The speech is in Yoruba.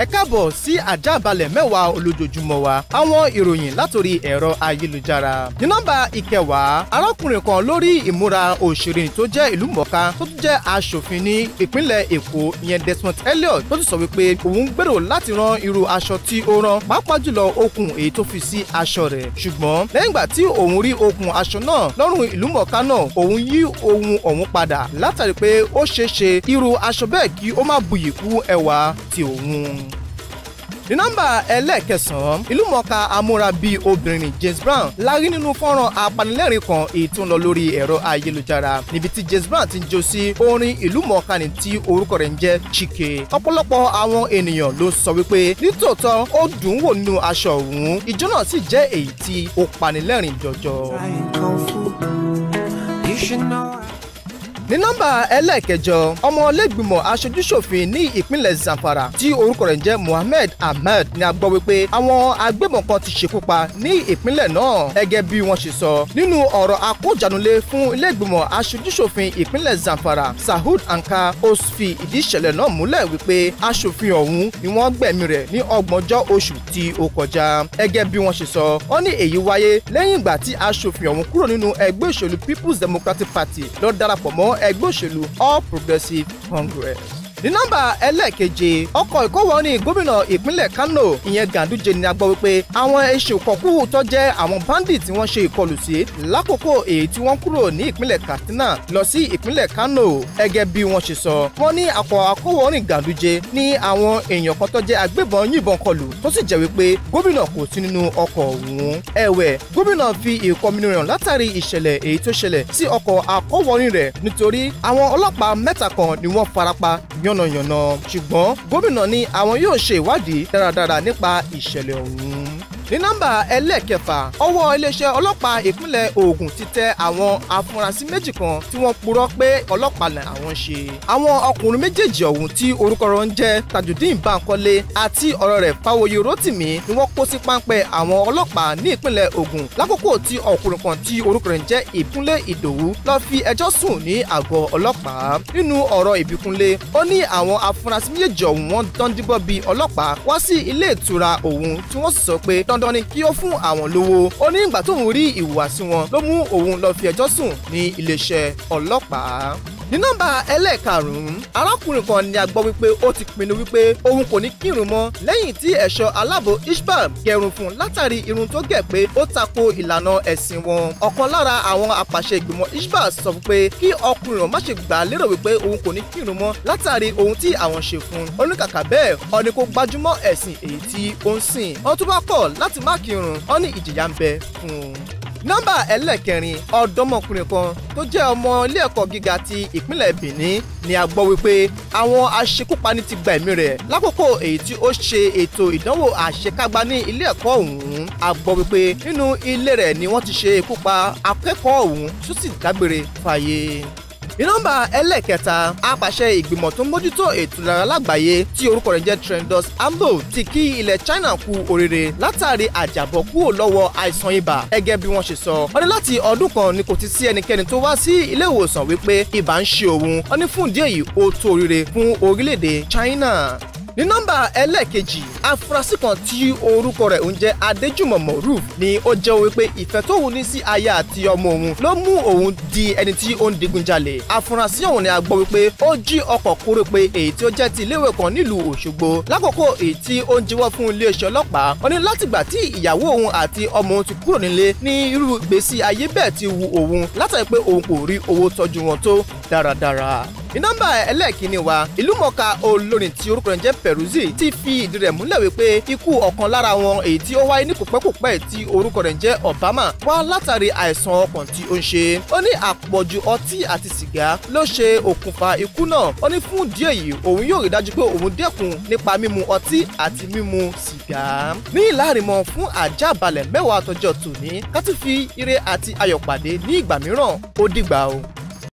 ẹ káàbọ̀ sí àjábalẹ̀ mẹ́wàá olójoojúmọ́ wa àwọn ìròyìn látòrí ẹ̀rọ ayélujára. ní nọ́mbà ìkẹwàá arákùnrin kan lórí ìmúra òṣèré tó jẹ́ ìlúmọ̀ọ́ká tó tún jẹ́ aṣòfin ní ìpínlẹ̀ èkó ìyẹn Desmond Elliot tó tún sọ wípé òun gbèrò láti ran irú aṣọ tí ó rán pàápàá jùlọ okùn èyí tó fi sí aṣọ rẹ̀ ṣùgbọ́n lẹ́yìn ìgbà tí òun rí okùn aṣọ náà lọ́rùn ìlúmọ̀ọ́ká náà òun yí ohun ọ̀hún padà ní nọ́mbà ẹlẹ́ẹ̀kẹsàn-án ìlúmọ̀ọ́ká amúrabí obìnrin James Brown la rí nínú fọ́nrán apanilẹ́rìn kan èyí tó ń lọ lórí ẹ̀rọ ayélujára níbi tí James Brown ti ń jó sí orin ìlúmọ̀ọ́ká ni tí orúkọ rẹ̀ ń jẹ́ Chike ọ̀pọ̀lọpọ̀ àwọn ènìyàn ló sọ wípé nítòótọ́ ó dùn ún wò nínú aṣọ òun ìjó náà sì jẹ́ èyí tí ó panilẹ́rìn jọjọ ní nọ́mbà ẹlẹ́ẹ̀kẹjọ ọmọlẹ́gbìmọ̀ aṣojúṣòfin ní ìpínlẹ̀ Zamfara tí orúkọ rẹ̀ ń jẹ́ Muhammed Ahmed ni a gbọ́ wípé àwọn agbébọn kan ti ṣekú pa ní ìpínlẹ̀ náà gẹ́gẹ́ bí wọ́n ṣe sọ nínú ọ̀rọ̀ akójanulé fún ilé-ìgbìmọ̀ aṣojúṣòfin ìpínlẹ̀ Zamfara Sahud Anka osfi fi ìdí ìṣẹ̀lẹ̀ náà múlẹ̀ wípé aṣòfin ọ̀hún ni wọ́n gbẹ̀mí rẹ̀ ní ọgbọ̀njọ́ oṣù tí ó kọjá gẹ́gẹ́ bí wọ́n ṣe sọ wọ́n ní èyí wáyé lẹ́yìn ìgbà tí aṣòfin ọ̀hún kúrò nínú ẹgbẹ́ òṣèlú People's Democratic Party lọ darapọ̀ mọ́ ẹgbẹ́ òṣèlú All Progressives Congress ní nọ́mbà ẹlẹ́ẹ̀keje ọkọ̀ ìkówọ́ ní gómìnà ìpínlẹ̀ Kano ìyẹn Ganduje ni a gbọ́ wípé àwọn eṣòkọ̀kú tó jẹ́ àwọn bandit tí wọ́n ṣe ìkọlù sí lákòókò èyí tí wọ́n kúrò ní ìpínlẹ̀ Katsina lọ sí ìpínlẹ̀ Kano ẹgẹ́ bí wọ́n ṣe sọ wọ́n ní ọkọ̀ akówọ́ ní Ganduje ní àwọn èèyàn kan tó jẹ́ agbébọn yìnbọn kọlù tó sì jẹ́ wípé gómìnà kò sí nínú ọkọ̀ ọ̀hún ẹ̀wẹ̀ gómìnà fi ìkọminú rẹ̀ látàrí ìṣẹ̀lẹ̀ èyí tó yànnàyànnà ṣùgbọ́n gómìnà ní àwọn yóò ṣe ìwádìí dáradára nípa ìṣẹ̀lẹ̀ ọ̀hún ní nọ́mbà ẹlẹ́ẹ̀kẹfà ọwọ́ iléeṣẹ́ ọlọ́pàá ìpínlẹ̀ Ògùn ti tẹ àwọn afurasí méjì kan tí wọ́n purọ́ pé ọlọ́pàá ni àwọn ṣe àwọn ọkùnrin méjèèjì ọ̀hún tí orúkọ rẹ̀ ń jẹ́ Tajudeen Bankole àti ọ̀rọ̀ rẹ̀ Fáwọyé Rótìmí ni wọ́n kó sí páńpẹ́ àwọn ọlọ́pàá ní ìpínlẹ̀ Ògùn lákòókò tí ọkùnrin kan tí orúkọ rẹ̀ ń jẹ́ Ìkúnlé Ìdòwú lọ fi ẹjọ́ sùn ní àgọ́ ọlọ́pàá nínú ọ̀rọ̀ Ìbíkúnlé ó ní àwọn afurasí méjèèjì ọ̀hún wọ́n dán dígbọ́ bíi ọlọ́pàá wá sí ilé ìtura òun tí wọ́n sì sọ pé dandan ni kí ó fún àwọn lówó ó ní ìgbà tóun rí ìhùwàsí wọn ló mú òun lọ fi ẹjọ́ sùn ní iléeṣẹ́ ọlọ́pàá ní nọ́mbà ẹlẹ́ẹ̀karùn-ún arákùnrin kan ni a gbọ́ wípé ó ti pinnu wípé òun kò ní kírun mọ́ lẹ́yìn tí ẹ̀ṣọ́ aláàbò ishbam gẹrun fún un látàrí irun tó gẹ̀ pé ó tako ìlànà ẹ̀sìn wọn ọ̀kan lára àwọn àpàṣẹ ìgbìmọ̀ ishbam sọ pé kí ọkùnrin má ṣe gbà lérò wípé òun kò ní kírun mọ́ látàrí ohun tí àwọn ṣe fún oníkàkà bẹ́ẹ̀ ó ní kó ẹ̀sìn èyí tí ó ń sìn ó tún láti má kírun ó ní ìjìyà ń bẹ fún un nọ́mbà ẹlẹ́kẹrin ọ̀dọ́mọkùnrin kan tó jẹ́ ọmọ ilé ẹ̀kọ́ gíga ti ìpínlẹ̀ Benin ni a gbọ́ wípé àwọn aṣekúpani ti gba ẹ̀mí rẹ̀ lákòókò èyí tí ó ṣe ètò ìdánwò àṣekágbá ní ilé ẹ̀kọ́ ọ̀hún a gbọ́ wípé nínú ilé rẹ̀ ni wọ́n ti ṣe ikú pa akẹ́kọ̀ọ́ ọ̀hún tó sì dágbére fáyé ní nọ́mbà ẹlẹ́kẹta apàṣẹ ìgbìmọ̀ tó ń mójútó ètò ìlera lágbàáyé tí orúkọ rẹ̀ jẹ́ Tedros Adhanom ti kí ilẹ̀ China kú oríire látàrí àjàbọ̀ kúrò lọ́wọ́ àìsàn ibà gẹ́gẹ́ bí wọ́n ṣe sọ wọ́n ní láti ọdún kan ni kò ti sí ẹnikẹ́ni tó wá sí ilé ìwòsàn wípé ibà ń ṣe òun wọ́n ní fún ìdí èyí ó tó oríire fún orílẹ̀-èdè China ní nọ́mbà ẹlẹ́ẹ̀kejì afurasí kan tí orúkọ rẹ̀ ń jẹ́ adéjùmọ̀ moruf ni ó jẹ́ wípé ìfẹ́ tóun ní sí aya àti ọmọ òun ló mú òun di ẹni tí ó ń digunjalè afurasí ọ̀hún ni a gbọ́ wípé ó jí ọkọ̀ kórópè èyí tí ó jẹ́ ti iléèwé kan nílùú òṣogbo lákòókò èyí tí ó ń jẹ́wọ́ fún iléeṣẹ́ ọlọ́pàá ó ní látìgbà tí ìyàwó òun àti ọmọ òun ti kúrò nílé ní irú ìgbésí ayé bẹ́ẹ̀ ti wu òun látàrí pé òun kò rí owó tọ́jú wọn tó dáradára. ní nọ́mbà ẹlẹ́ẹ̀kínní wa ìlúmọ̀ọ́ká olórin tí orúkọ rẹ̀ jẹ́ Peruzzi ti fi ìdí rẹ̀ múlẹ̀ wípé ikú ọ̀kan lára wọn èyí tí ó wáyé ní kòpẹ́kòpẹ́ tí orúkọ rẹ̀ jẹ́ Obama wá látàrí àìsàn ọkàn tí ó ń ṣe. ó ní àpọ̀jù ọtí àti sìgá ló ṣe okùnfà ikú náà. ó ní fún díẹ̀ yìí òun yóò rí dájú pé òun dẹ́kun nípa mímu ọtí àti mímu sìgá. ní ìlàrímọ̀ fún àjàbalẹ̀ mẹ́wàá àtọ́jọ́ tòní ká tún fi ire àti ayọ̀ pàdé ní ìgbà mìíràn ó dìgbà o.